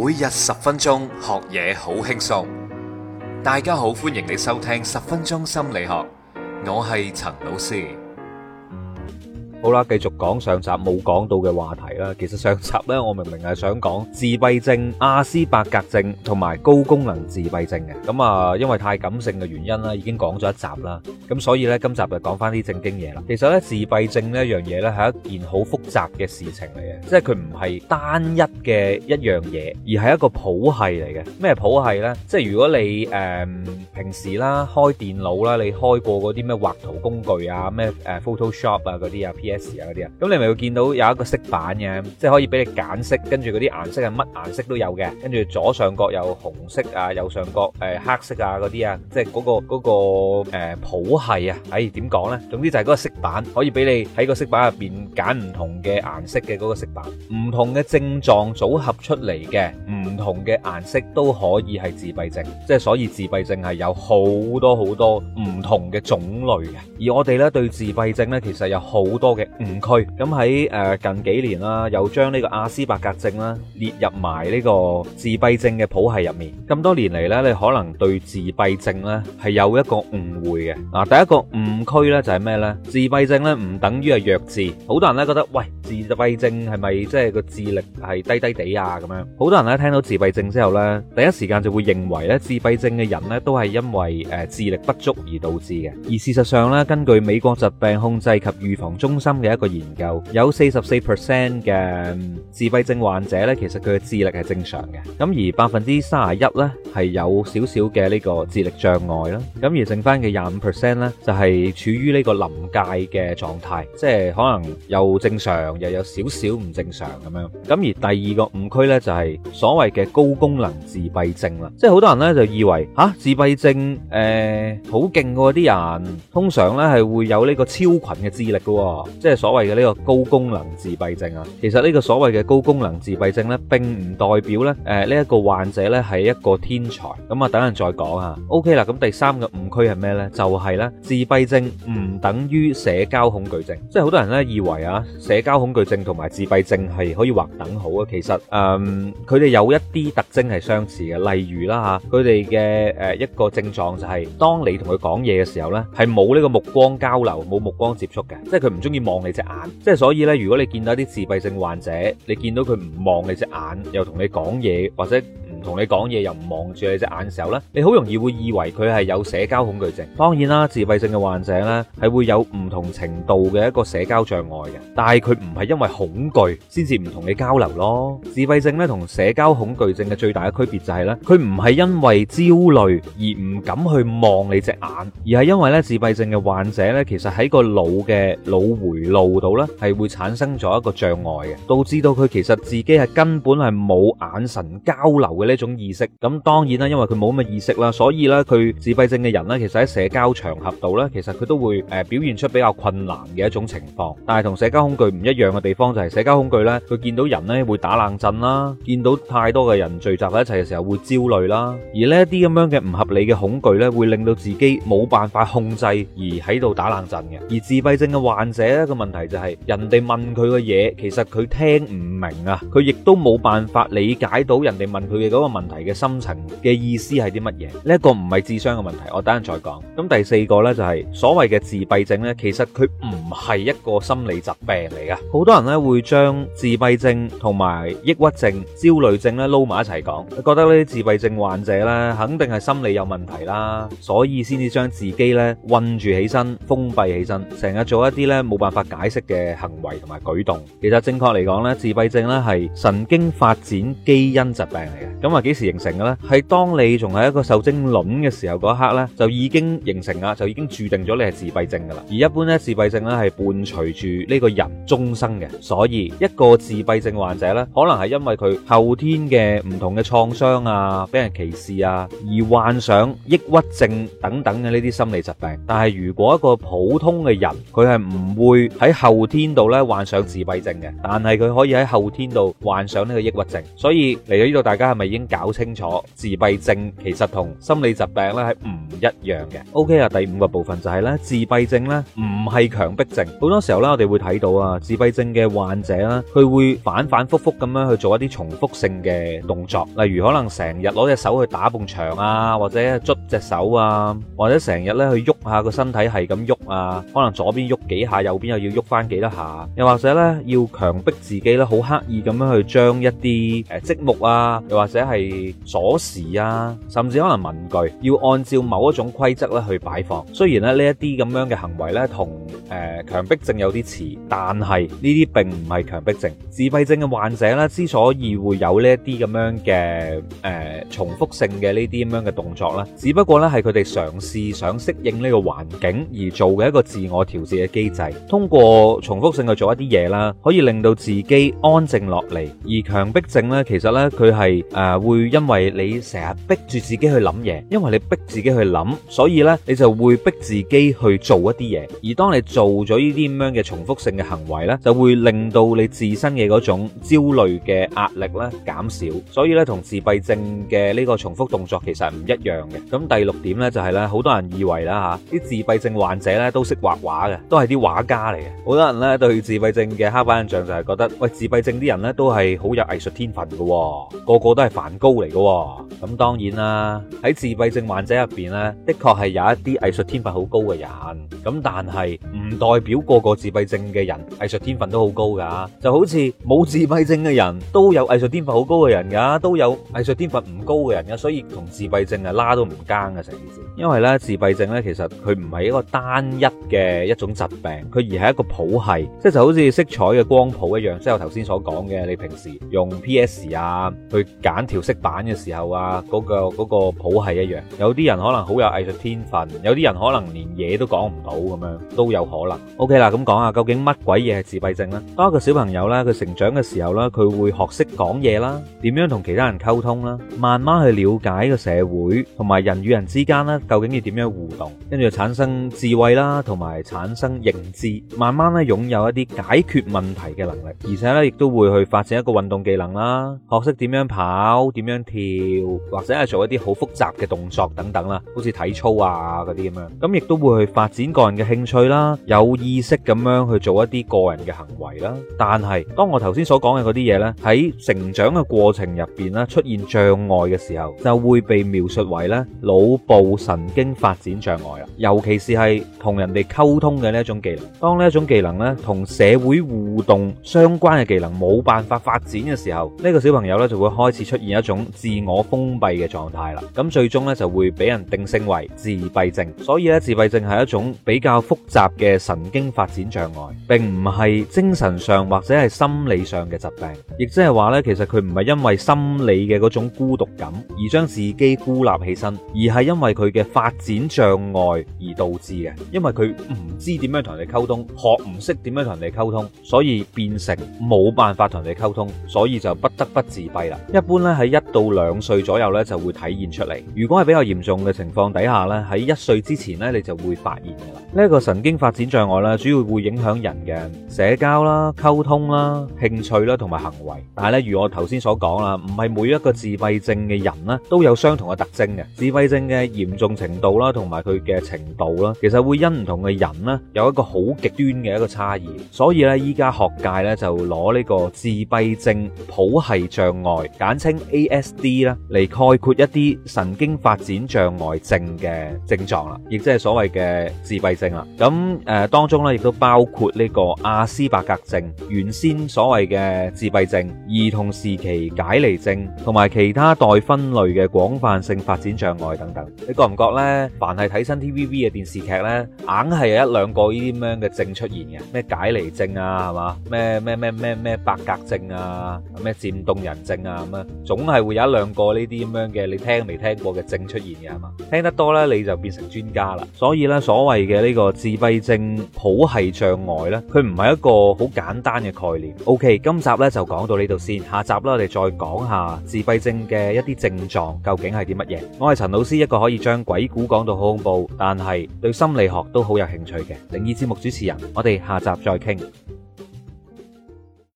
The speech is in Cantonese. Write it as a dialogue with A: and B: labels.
A: 每日十分鐘學嘢好輕鬆。大家好，歡迎你收聽十分鐘心理學，我係陳老師。好啦，繼續講上集冇講到嘅話題啦。其實上集呢，我明明係想講自閉症、阿斯伯格症同埋高功能自閉症嘅。咁啊，因為太感性嘅原因啦，已經講咗一集啦。咁所以呢，今集就講翻啲正經嘢啦。其實呢，自閉症呢一樣嘢呢，係一件好複雜嘅事情嚟嘅，即係佢唔係單一嘅一樣嘢，而係一個譜系嚟嘅。咩譜系呢？即係如果你誒、嗯、平時啦開電腦啦，你開過嗰啲咩畫圖工具啊，咩誒、啊、Photoshop 啊嗰啲啊。s 啊嗰啲啊，咁你咪會見到有一個色板嘅，即係可以俾你揀色，跟住嗰啲顏色係乜顏色都有嘅，跟住左上角有紅色啊，右上角誒黑色啊嗰啲啊，即係嗰個嗰個誒譜系啊，唉點講呢？總之就係嗰個色板可以俾你喺個色板入邊揀唔同嘅顏色嘅嗰個色板，唔同嘅症狀組合出嚟嘅唔同嘅顏色都可以係自閉症，即係所以自閉症係有好多好多唔同嘅種類嘅，而我哋呢對自閉症呢其實有好多嘅誤區咁喺誒近幾年啦，又將呢個阿斯伯格症啦列入埋呢個自閉症嘅譜系入面。咁多年嚟呢，你可能對自閉症呢係有一個誤會嘅。嗱，第一個誤區呢就係咩呢？自閉症呢唔等於係弱智，好多人呢覺得喂，自閉症係咪即係個智力係低低哋啊咁樣？好多人呢聽到自閉症之後呢，第一時間就會認為呢自閉症嘅人呢都係因為誒智力不足而導致嘅。而事實上呢，根據美國疾病控制及預防中心嘅一個研究，有四十四 percent 嘅自閉症患者呢，其實佢嘅智力係正常嘅。咁而百分之三十一呢，係有少少嘅呢個智力障礙啦。咁而剩翻嘅廿五 percent 咧，就係、是、處於呢個臨界嘅狀態，即係可能又正常又有少少唔正常咁樣。咁而第二個誤區呢，就係、是、所謂嘅高功能自閉症啦。即係好多人呢，就以為嚇、啊、自閉症誒好勁嘅啲人，通常呢係會有呢個超群嘅智力嘅、哦。即係所謂嘅呢個高功能自閉症啊，其實呢個所謂嘅高功能自閉症呢，並唔代表呢誒呢一個患者呢係一個天才。咁啊，等陣再講啊。OK 啦，咁第三個誤區係咩呢？就係呢，自閉症唔等於社交恐懼症。即係好多人呢以為啊，社交恐懼症同埋自閉症係可以劃等號啊。其實誒，佢哋有一啲特徵係相似嘅，例如啦嚇，佢哋嘅誒一個症狀就係，當你同佢講嘢嘅時候呢，係冇呢個目光交流，冇目光接觸嘅，即係佢唔中意。望你隻眼，即係所以咧。如果你見到一啲自閉症患者，你見到佢唔望你隻眼，又同你講嘢，或者。唔同你講嘢又唔望住你隻眼嘅時候咧，你好容易會以為佢係有社交恐懼症。當然啦，自閉症嘅患者咧，係會有唔同程度嘅一個社交障礙嘅，但係佢唔係因為恐懼先至唔同你交流咯。自閉症咧同社交恐懼症嘅最大嘅區別就係咧，佢唔係因為焦慮而唔敢去望你隻眼，而係因為咧，自閉症嘅患者咧，其實喺個腦嘅腦回路度咧係會產生咗一個障礙嘅，導致到佢其實自己係根本係冇眼神交流嘅呢種意識咁，當然啦，因為佢冇咁嘅意識啦，所以咧，佢自閉症嘅人咧，其實喺社交場合度咧，其實佢都會誒表現出比較困難嘅一種情況。但係同社交恐懼唔一樣嘅地方就係，社交恐懼咧，佢見到人咧會打冷震啦，見到太多嘅人聚集喺一齊嘅時候會焦慮啦。而呢一啲咁樣嘅唔合理嘅恐懼咧，會令到自己冇辦法控制而喺度打冷震嘅。而自閉症嘅患者咧個問題就係，人哋問佢嘅嘢，其實佢聽唔明啊，佢亦都冇辦法理解到人哋問佢嘅咁。呢個問題嘅深層嘅意思係啲乜嘢？呢一個唔係智商嘅問題，我等陣再講。咁第四個呢，就係所謂嘅自閉症呢，其實佢唔係一個心理疾病嚟㗎。好多人呢會將自閉症同埋抑鬱症、焦慮症呢撈埋一齊講，覺得呢啲自閉症患者呢肯定係心理有問題啦，所以先至將自己呢困住起身、封閉起身，成日做一啲呢冇辦法解釋嘅行為同埋舉動。其實正確嚟講呢，自閉症呢係神經發展基因疾病嚟嘅。咁啊，幾時形成嘅咧？係當你仲係一個受精卵嘅時候嗰一刻咧，就已經形成啦，就已經註定咗你係自閉症嘅啦。而一般咧，自閉症咧係伴隨住呢個人終生嘅。所以一個自閉症患者咧，可能係因為佢後天嘅唔同嘅創傷啊，俾人歧視啊，而患上抑鬱症等等嘅呢啲心理疾病。但係如果一個普通嘅人，佢係唔會喺後天度咧患上自閉症嘅，但係佢可以喺後天度患上呢個抑鬱症。所以嚟到呢度，大家係咪已經？搞清楚自閉症其實同心理疾病咧係唔一樣嘅。OK 啊，第五個部分就係咧自閉症咧唔係強迫症。好多時候咧我哋會睇到啊自閉症嘅患者咧佢會反反复复咁樣去做一啲重複性嘅動作，例如可能成日攞隻手去打埲牆啊，或者捽隻手啊，或者成日咧去喐下個身體係咁喐啊，可能左邊喐幾下，右邊又要喐翻幾多下，又或者咧要強迫自己咧好刻意咁樣去將一啲誒積木啊，又或者。係鎖匙啊，甚至可能文具，要按照某一種規則咧去擺放。雖然咧呢一啲咁樣嘅行為咧，同誒強迫症有啲似，但係呢啲並唔係強迫症。自閉症嘅患者咧，之所以會有呢一啲咁樣嘅誒、呃、重複性嘅呢啲咁樣嘅動作呢，只不過咧係佢哋嘗試想適應呢個環境而做嘅一個自我調節嘅機制。通過重複性去做一啲嘢啦，可以令到自己安靜落嚟。而強迫症呢，其實呢，佢係誒。呃會因為你成日逼住自己去諗嘢，因為你逼自己去諗，所以咧你就會逼自己去做一啲嘢。而當你做咗呢啲咁樣嘅重複性嘅行為咧，就會令到你自身嘅嗰種焦慮嘅壓力咧減少。所以咧同自閉症嘅呢個重複動作其實係唔一樣嘅。咁第六點咧就係咧，好多人以為啦吓，啲自閉症患者咧都識畫畫嘅，都係啲畫家嚟嘅。好多人咧對自閉症嘅刻板印象就係覺得，喂，自閉症啲人咧都係好有藝術天分噶，個個都係凡。高嚟嘅，咁當然啦。喺自閉症患者入邊咧，的確係有一啲藝術天份好高嘅人。咁但係唔代表個個自閉症嘅人藝術天份都好高㗎。就好似冇自閉症嘅人都有藝術天份好高嘅人㗎，都有藝術天份唔高嘅人㗎。所以同自閉症係拉都唔㗎成件事。因為咧，自閉症咧其實佢唔係一個單一嘅一種疾病，佢而係一個譜系，即係就好似色彩嘅光譜一樣。即係我頭先所講嘅，你平時用 PS 啊去揀條，識板嘅時候啊，嗰個嗰個譜系一樣。有啲人可能好有藝術天分，有啲人可能連嘢都講唔到咁樣，都有可能。OK 嗱，咁講下，究竟乜鬼嘢係自閉症啦？當一個小朋友咧，佢成長嘅時候咧，佢會學識講嘢啦，點樣同其他人溝通啦，慢慢去了解個社會同埋人與人之間咧，究竟要點樣互動，跟住產生智慧啦，同埋產生認知，慢慢咧擁有一啲解決問題嘅能力，而且咧亦都會去發展一個運動技能啦，學識點樣跑，點樣跳，或者係做一啲好複雜嘅動作等等啦，好似體操啊嗰啲咁樣，咁亦都會去發展個人嘅興趣啦，有意識咁樣去做一啲個人嘅行為啦。但係當我頭先所講嘅嗰啲嘢咧，喺成長嘅過程入邊咧出現障礙嘅時候，就會被描述為咧腦部神經發展障礙啦。尤其是係同人哋溝通嘅呢一種技能，當呢一種技能咧同社會互動相關嘅技能冇辦法發展嘅時候，呢個小朋友咧就會開始出現。一種自我封閉嘅狀態啦，咁最終呢，就會俾人定性為自閉症，所以咧，自閉症係一種比較複雜嘅神經發展障礙，並唔係精神上或者係心理上嘅疾病，亦即係話呢，其實佢唔係因為心理嘅嗰種孤獨感而將自己孤立起身，而係因為佢嘅發展障礙而導致嘅，因為佢唔知點樣同人哋溝通，學唔識點樣同人哋溝通，所以變成冇辦法同人哋溝通，所以就不得不自閉啦。一般呢，喺一到兩歲左右咧，就會體現出嚟。如果係比較嚴重嘅情況底下咧，喺一歲之前咧，你就會發現噶啦。呢一個神經發展障礙啦，主要會影響人嘅社交啦、溝通啦、興趣啦同埋行為。但係咧，如我頭先所講啦，唔係每一個自閉症嘅人咧都有相同嘅特徵嘅。自閉症嘅嚴重程度啦，同埋佢嘅程度啦，其實會因唔同嘅人呢有一個好極端嘅一個差異。所以咧，依家學界咧就攞呢個自閉症譜系障礙，簡稱，A.S.D 啦，嚟概括一啲神經發展障礙症嘅症狀啦，亦即係所謂嘅自閉症啦。咁誒當中咧，亦都包括呢個阿斯伯格症、原先所謂嘅自閉症、兒童時期解離症，同埋其他代分類嘅廣泛性發展障礙等等。你覺唔覺咧？凡係睇新 T.V.B 嘅電視劇咧，硬係有一兩個呢啲咁樣嘅症出現嘅，咩解離症啊，係嘛？咩咩咩咩咩伯格症啊，咩漸凍人症啊，咩總。總係會有一兩個呢啲咁樣嘅，你聽未聽過嘅症出現嘅啊嘛，聽得多呢你就變成專家啦。所以呢，所謂嘅呢個自閉症譜系障礙呢，佢唔係一個好簡單嘅概念。OK，今集呢就講到呢度先，下集啦我哋再講下自閉症嘅一啲症狀究竟係啲乜嘢。我係陳老師，一個可以將鬼故講到好恐怖，但係對心理學都好有興趣嘅靈異節目主持人，我哋下集再傾。